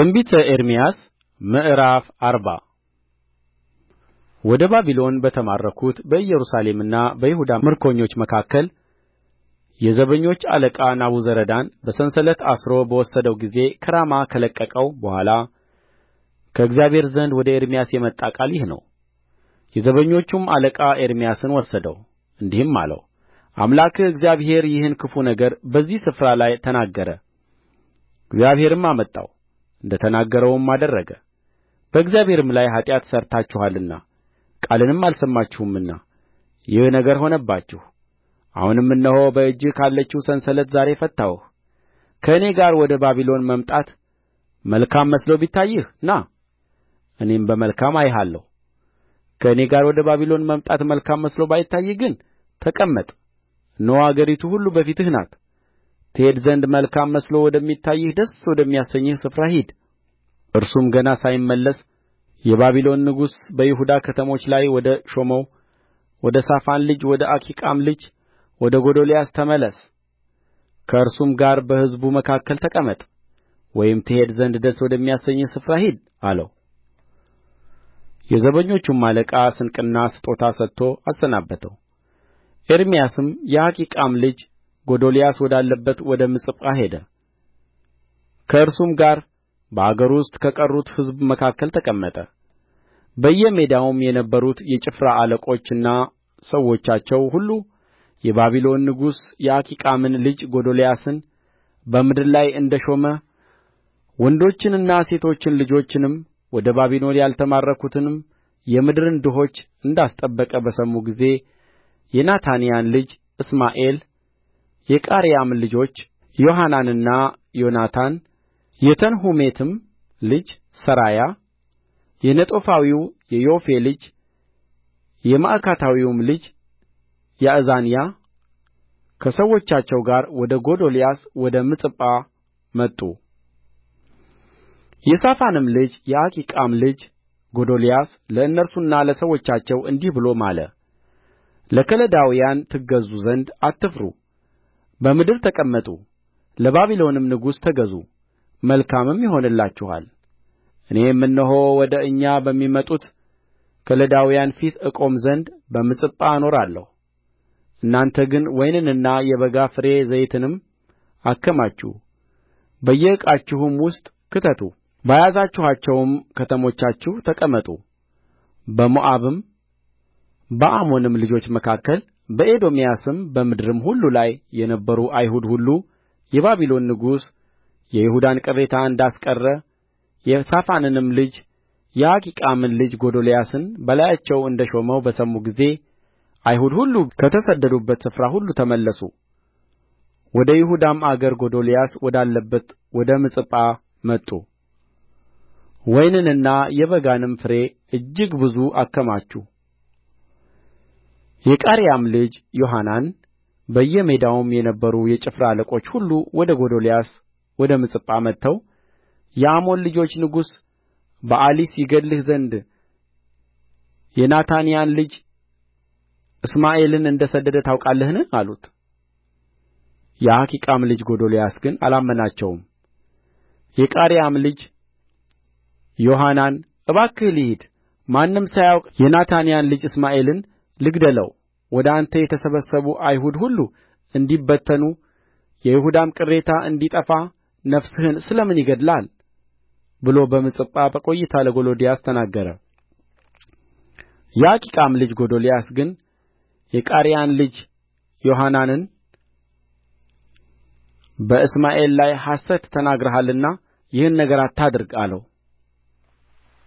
ትንቢተ ኤርምያስ ምዕራፍ አርባ ወደ ባቢሎን በተማረኩት በኢየሩሳሌምና በይሁዳ ምርኮኞች መካከል የዘበኞች አለቃ ናቡዘረዳን በሰንሰለት አስሮ በወሰደው ጊዜ ከራማ ከለቀቀው በኋላ ከእግዚአብሔር ዘንድ ወደ ኤርምያስ የመጣ ቃል ይህ ነው የዘበኞቹም አለቃ ኤርምያስን ወሰደው እንዲህም አለው አምላክህ እግዚአብሔር ይህን ክፉ ነገር በዚህ ስፍራ ላይ ተናገረ እግዚአብሔርም አመጣው እንደ ተናገረውም አደረገ በእግዚአብሔርም ላይ ኃጢአት ሠርታችኋልና ቃልንም አልሰማችሁምና ይህ ነገር ሆነባችሁ አሁንም እነሆ በእጅህ ካለችው ሰንሰለት ዛሬ ፈታሁህ ከእኔ ጋር ወደ ባቢሎን መምጣት መልካም መስሎ ቢታይህ ና እኔም በመልካም አይሃለሁ ከእኔ ጋር ወደ ባቢሎን መምጣት መልካም መስሎ ባይታይህ ግን ተቀመጥ እነሆ አገሪቱ ሁሉ በፊትህ ናት ትሄድ ዘንድ መልካም መስሎ ወደሚታይህ ደስ ወደሚያሰኝህ ስፍራ ሂድ እርሱም ገና ሳይመለስ የባቢሎን ንጉሥ በይሁዳ ከተሞች ላይ ወደ ሾመው ወደ ሳፋን ልጅ ወደ አኪቃም ልጅ ወደ ጎዶልያስ ተመለስ ከእርሱም ጋር በሕዝቡ መካከል ተቀመጥ ወይም ትሄድ ዘንድ ደስ ወደሚያሰኝህ ስፍራ ሂድ አለው የዘበኞቹም አለቃ ስንቅና ስጦታ ሰጥቶ አሰናበተው ኤርምያስም የአኪቃም ልጅ ጎዶልያስ ወዳለበት ወደ ምጽጳ ሄደ ከእርሱም ጋር በአገሩ ውስጥ ከቀሩት ሕዝብ መካከል ተቀመጠ በየሜዳውም የነበሩት የጭፍራ አለቆችና ሰዎቻቸው ሁሉ የባቢሎን ንጉሥ የአኪቃምን ልጅ ጎዶልያስን በምድር ላይ እንደ ሾመ ወንዶችንና ሴቶችን ልጆችንም ወደ ባቢሎን ያልተማረኩትንም የምድርን ድሆች እንዳስጠበቀ በሰሙ ጊዜ የናታንያን ልጅ እስማኤል የቃሬያም ልጆች ዮሐናንና ዮናታን የተንሑሜትም ልጅ ሠራያ የነጦፋዊው የዮፌ ልጅ የማዕካታዊውም ልጅ ያእዛንያ ከሰዎቻቸው ጋር ወደ ጎዶልያስ ወደ ምጽጳ መጡ። የሳፋንም ልጅ የአኪቃም ልጅ ጎዶልያስ ለእነርሱና ለሰዎቻቸው እንዲህ ብሎ ማለ ለከለዳውያን ትገዙ ዘንድ አትፍሩ በምድር ተቀመጡ ለባቢሎንም ንጉሥ ተገዙ መልካምም ይሆንላችኋል እኔም እነሆ ወደ እኛ በሚመጡት ከለዳውያን ፊት እቆም ዘንድ በምጽጳ እኖራለሁ እናንተ ግን ወይንንና የበጋ ፍሬ ዘይትንም አከማቹ በየዕቃችሁም ውስጥ ክተቱ በያዛችኋቸውም ከተሞቻችሁ ተቀመጡ በሞዓብም በአሞንም ልጆች መካከል በኤዶምያስም በምድርም ሁሉ ላይ የነበሩ አይሁድ ሁሉ የባቢሎን ንጉሥ የይሁዳን ቅሬታ እንዳስቀረ የሳፋንንም ልጅ የአኪቃምን ልጅ ጎዶልያስን በላያቸው እንደ ሾመው በሰሙ ጊዜ አይሁድ ሁሉ ከተሰደዱበት ስፍራ ሁሉ ተመለሱ ወደ ይሁዳም አገር ጎዶልያስ ወዳለበት ወደ ምጽጳ መጡ ወይንንና የበጋንም ፍሬ እጅግ ብዙ አከማቹ የቃሬያም ልጅ ዮሐናን በየሜዳውም የነበሩ የጭፍራ አለቆች ሁሉ ወደ ጎዶልያስ ወደ ምጽጳ መጥተው የአሞን ልጆች ንጉሥ በአሊስ ይገድልህ ዘንድ የናታንያን ልጅ እስማኤልን እንደ ሰደደ ታውቃለህን አሉት የአኪቃም ልጅ ጎዶልያስ ግን አላመናቸውም የቃሬያም ልጅ ዮሐናን እባክህ ልሂድ ማንም ሳያውቅ የናታንያን ልጅ እስማኤልን ልግደለው ወደ አንተ የተሰበሰቡ አይሁድ ሁሉ እንዲበተኑ የይሁዳም ቅሬታ እንዲጠፋ ነፍስህን ስለ ምን ይገድላል ብሎ በምጽጳ በቈይታ ለጎዶልያስ ተናገረ የአኪቃም ልጅ ጎዶልያስ ግን የቃሬያን ልጅ ዮሐናንን በእስማኤል ላይ ሐሰት ተናግረሃልና ይህን ነገር አታድርግ አለው